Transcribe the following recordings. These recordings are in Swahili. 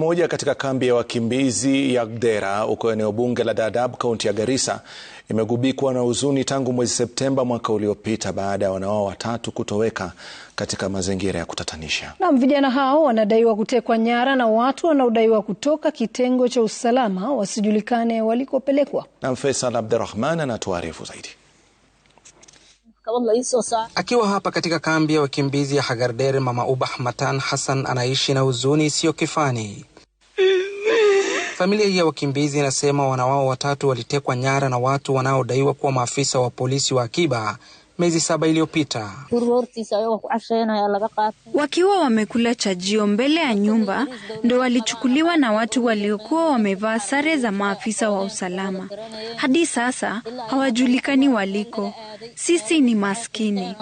Moja katika kambi ya wakimbizi ya Kdera huko eneo bunge la Dadaab kaunti ya Garissa imegubikwa na huzuni tangu mwezi Septemba mwaka uliopita baada ya wanawao watatu kutoweka katika mazingira ya kutatanisha. Na vijana hao wanadaiwa kutekwa nyara na watu wanaodaiwa kutoka kitengo cha usalama wasijulikane walikopelekwa. Na Faisal Abdurrahman anatuarifu zaidi. Akiwa hapa katika kambi ya wakimbizi ya hagarder Mama Uba Matan Hassan anaishi na huzuni isiyo kifani. Familia hii ya wakimbizi inasema wanawao watatu walitekwa nyara na watu wanaodaiwa kuwa maafisa wa polisi wa akiba miezi saba iliyopita. Wakiwa wamekula chajio mbele ya nyumba, ndo walichukuliwa na watu waliokuwa wamevaa sare za maafisa wa usalama. Hadi sasa hawajulikani waliko. Sisi ni maskini.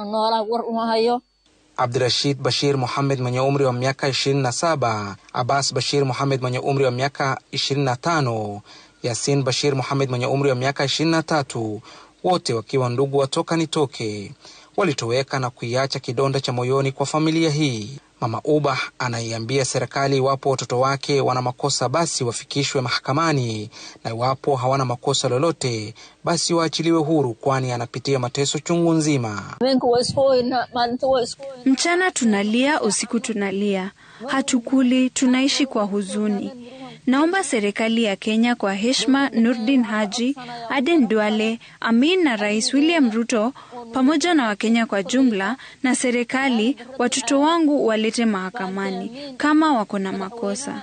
Abdurashid Bashir Muhamed mwenye umri wa miaka 27, Abbas Bashir Muhamed mwenye umri wa miaka 25, Yasin Bashir Muhamed mwenye umri wa miaka 23 wote wakiwa ndugu watoka nitoke, walitoweka na kuiacha kidonda cha moyoni kwa familia hii. Mama Uba anaiambia serikali iwapo watoto wake wana makosa basi wafikishwe mahakamani, na iwapo hawana makosa lolote basi waachiliwe huru, kwani anapitia mateso chungu nzima. Mchana tunalia, usiku tunalia, hatukuli, tunaishi kwa huzuni. Naomba serikali ya Kenya kwa heshima Nurdin Haji, Aden Duale, Amin na Rais William Ruto pamoja na Wakenya kwa jumla na serikali, watoto wangu walete mahakamani kama wako na makosa.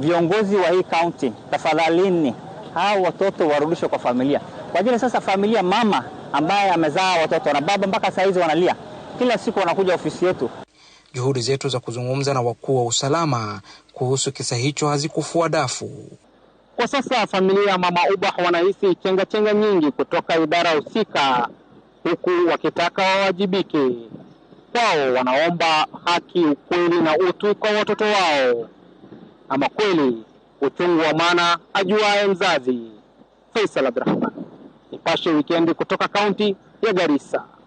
viongozi wa hii kaunti, tafadhalini, hao watoto warudishwe kwa familia, kwa ajili sasa familia, mama ambaye amezaa watoto na baba mpaka saa hizi wanalia, kila siku wanakuja ofisi yetu. Juhudi zetu za kuzungumza na wakuu wa usalama kuhusu kisa hicho hazikufua dafu. Kwa sasa familia ya mama Ubah wanahisi chengachenga nyingi kutoka idara husika, huku wakitaka wawajibike. Kwao wanaomba haki, ukweli na utu kwa watoto wao ama kweli uchungu wa mwana ajuaye mzazi. Faisal Abdurahman, Nipashe Wikendi, kutoka kaunti ya Garissa.